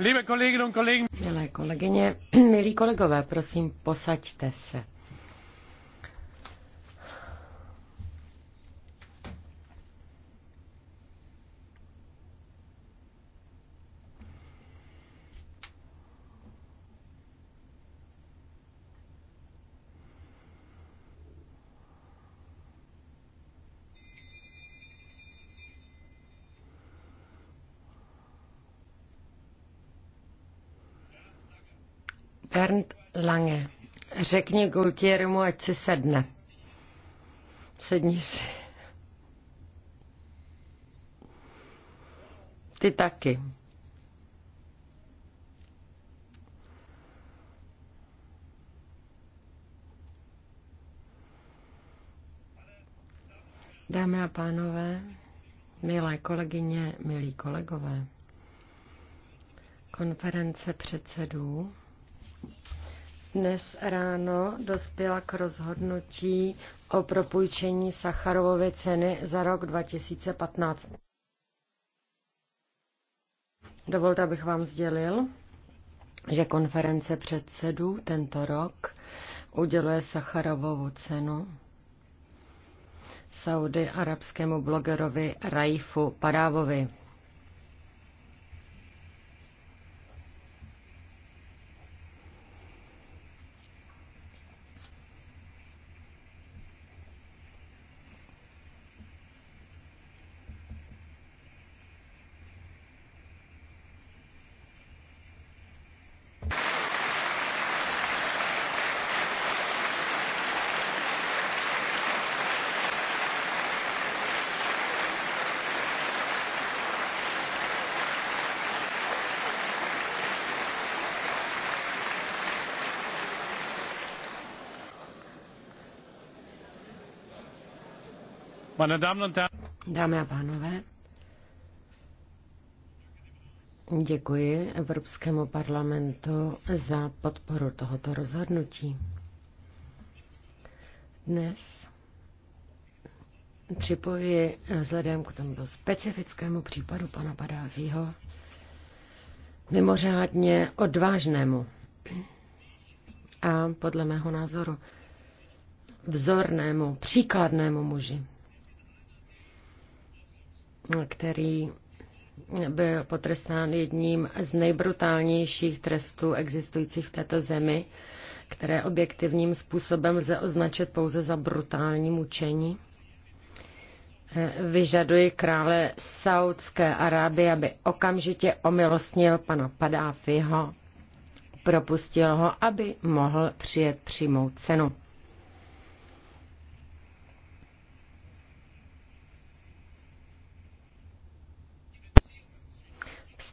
Milé kolegyně, milí kolegové, prosím, posaďte se. Bernd Lange, řekni Gultiermu, ať si sedne. Sedni si. Ty taky. Dámy a pánové, milé kolegyně, milí kolegové, konference předsedů dnes ráno dospěla k rozhodnutí o propůjčení Sacharovovy ceny za rok 2015. Dovolte, abych vám sdělil, že konference předsedů tento rok uděluje Sacharovovu cenu Saudy arabskému blogerovi Raifu Parávovi. Dámy a pánové, děkuji Evropskému parlamentu za podporu tohoto rozhodnutí. Dnes připoji vzhledem k tomu specifickému případu pana Padávího mimořádně odvážnému a podle mého názoru vzornému, příkladnému muži který byl potrestán jedním z nejbrutálnějších trestů existujících v této zemi, které objektivním způsobem lze označit pouze za brutální mučení. Vyžaduji krále Saudské Arábie, aby okamžitě omilostnil pana Padáfiho, propustil ho, aby mohl přijet přímou cenu.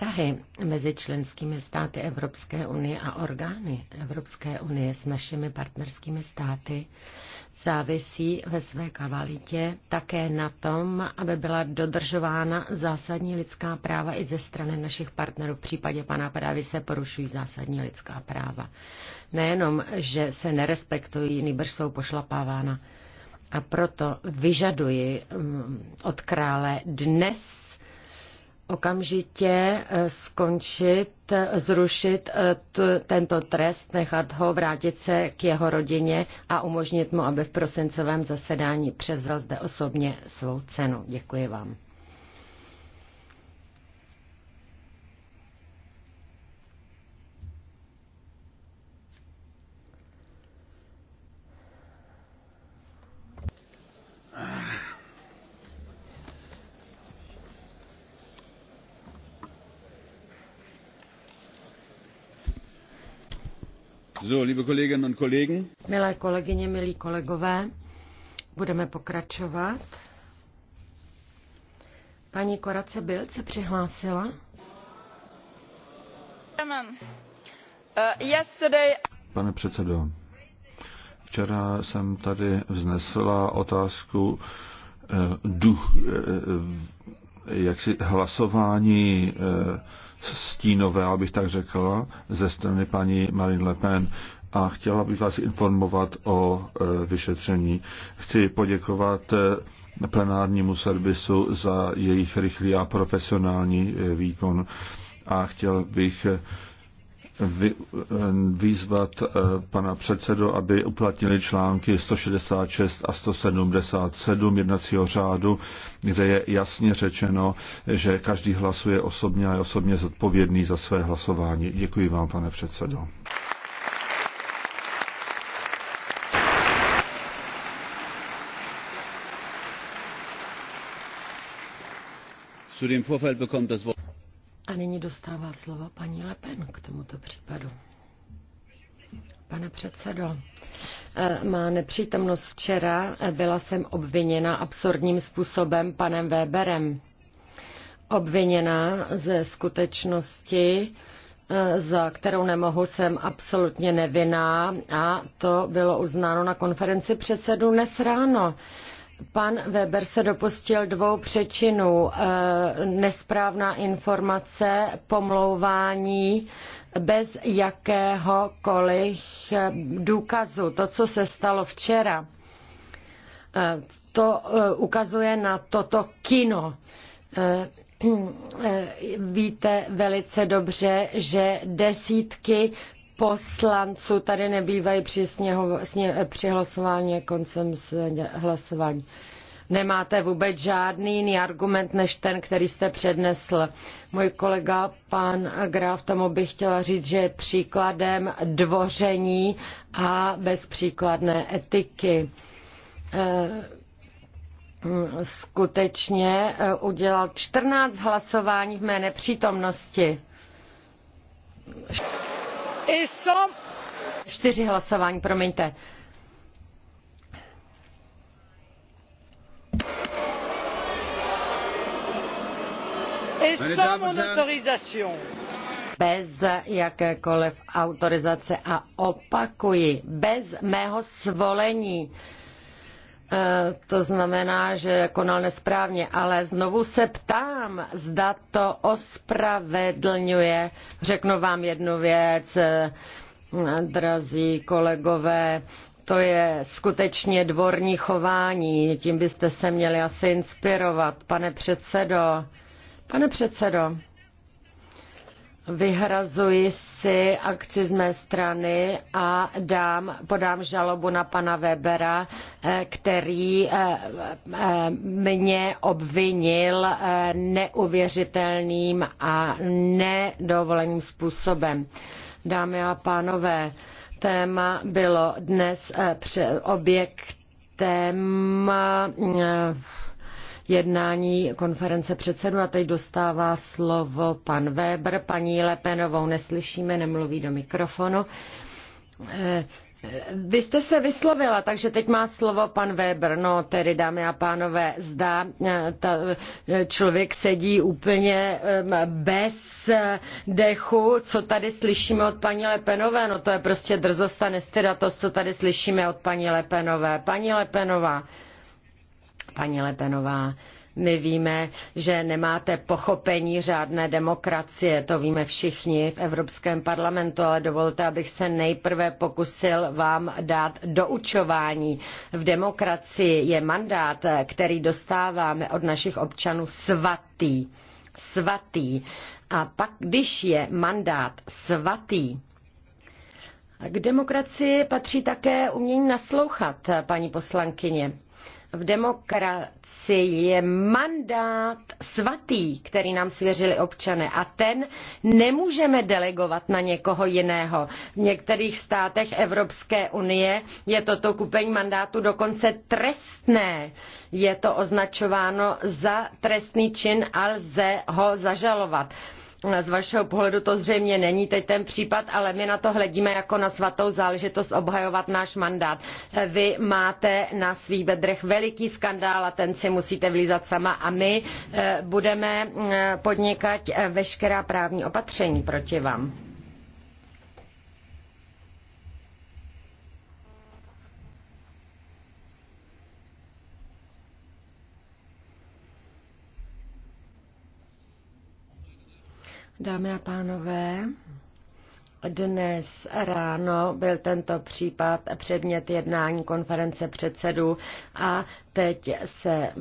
vztahy mezi členskými státy Evropské unie a orgány Evropské unie s našimi partnerskými státy závisí ve své kvalitě také na tom, aby byla dodržována zásadní lidská práva i ze strany našich partnerů. V případě pana právě se porušují zásadní lidská práva. Nejenom, že se nerespektují, nýbrž jsou pošlapávána. A proto vyžaduji mm, od krále dnes okamžitě eh, skončit, eh, zrušit eh, tento trest, nechat ho vrátit se k jeho rodině a umožnit mu, aby v prosincovém zasedání převzal zde osobně svou cenu. Děkuji vám. So, liebe Kolleginnen und Kollegen. Milé kolegyně, milí kolegové, budeme pokračovat. Paní Korace Bild se přihlásila. Uh, Pane předsedo, včera jsem tady vznesla otázku eh, duch eh, eh, jaksi hlasování eh, stínové, abych tak řekl, ze strany paní Marine Le Pen a chtěla bych vás informovat o eh, vyšetření. Chci poděkovat eh, plenárnímu servisu za jejich rychlý a profesionální výkon a chtěl bych Vyzvat eh, pana předsedu, aby uplatnili články 166 a 177 jednacího řádu, kde je jasně řečeno, že každý hlasuje osobně a je osobně zodpovědný za své hlasování. Děkuji vám, pane předsedo. Zu dem Vorfall bekommt das Wort. A nyní dostává slova paní Lepen k tomuto případu. Pane předsedo, eh, má nepřítomnost včera eh, byla jsem obviněna absurdním způsobem panem Weberem. Obviněna ze skutečnosti, eh, za kterou nemohu, jsem absolutně nevinná a to bylo uznáno na konferenci předsedů dnes ráno. Pan Weber se dopustil dvou přečinů. Eh, nesprávná informace, pomlouvání bez jakéhokoliv eh, důkazu. To, co se stalo včera, eh, to ukazuje na toto kino. Víte velice dobře, že desítky poslanců tady nebývají při, sněho, sně, při hlasování koncem hlasování. Nemáte vůbec žádný jiný argument než ten, který jste přednesl. Můj kolega pan Graf tomu bych chtěla říct, že je příkladem dvoření a bezpříkladné etiky. E skutečně e, udělal 14 hlasování v mé nepřítomnosti. Čtyři hlasování, promiňte. Bez jakékoliv autorizace a opakuji, bez mého svolení. E, to znamená, že konal nesprávně, ale znovu se ptám, zda to ospravedlňuje. Řeknu vám jednu věc, e, drazí kolegové, to je skutečně dvorní chování, tím byste se měli asi inspirovat, pane předsedo. Pane předsedo, vyhrazuji si akci z mé strany a dám, podám žalobu na pana Webera, eh, který eh, eh, mě obvinil neuvěřitelným a nedovoleným způsobem. Dámy a pánové, téma bylo dnes objektem jednání konference předsedu a teď dostává slovo pan Weber. Paní Lepenovou neslyšíme, nemluví do mikrofonu. Eh, vy jste se vyslovila, takže teď má slovo pan Weber. No, tedy dámy a pánové, zdá, eh, ta, eh, člověk sedí úplně bez dechu, co tady slyšíme od paní Lepenové. No to je prostě drzost a nestydatost, co tady slyšíme od paní Lepenové. Paní Lepenová, paní Lepenová. My víme, že nemáte pochopení řádné demokracie, to víme všichni v Evropském parlamentu, ale dovolte, abych se nejprve pokusil vám dát doučování. V demokracii je mandát, který dostáváme od našich občanů svatý. Svatý. A pak, když je mandát svatý, k demokracii patří také umění naslouchat, paní poslankyně v demokracii je mandát svatý, který nám svěřili občané a ten nemůžeme delegovat na někoho jiného. V některých státech Evropské unie je toto kupení mandátu dokonce trestné. Je to označováno za trestný čin a lze ho zažalovat z vašeho pohledu to zřejmě není teď ten případ, ale my na to hledíme jako na svatou záležitost obhajovat náš mandát. Vy máte na svých bedrech veliký skandál a ten si musíte vlízat sama a my eh, budeme eh, podnikat eh, veškerá právní opatření proti vám. Dámy a pánové, dnes ráno byl tento případ předmět jednání konference předsedů a teď se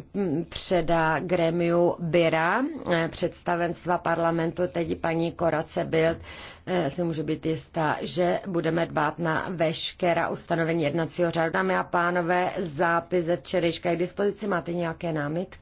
předá gremiu Byra, představenstva parlamentu, tedy paní Korace Bild, eh, si může být jistá, že budeme dbát na veškerá ustanovení jednacího řádu. Dámy a pánové, zápis ze včerejška je k dispozici. Máte nějaké námitky?